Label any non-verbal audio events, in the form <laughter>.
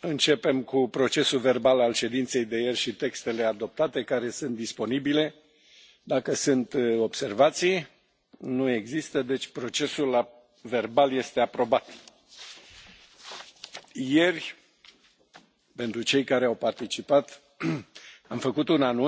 începem cu procesul verbal al ședinței de ieri și textele adoptate care sunt disponibile. dacă sunt observații nu există deci procesul verbal este aprobat. ieri pentru cei care au participat <clears throat> am făcut un anunț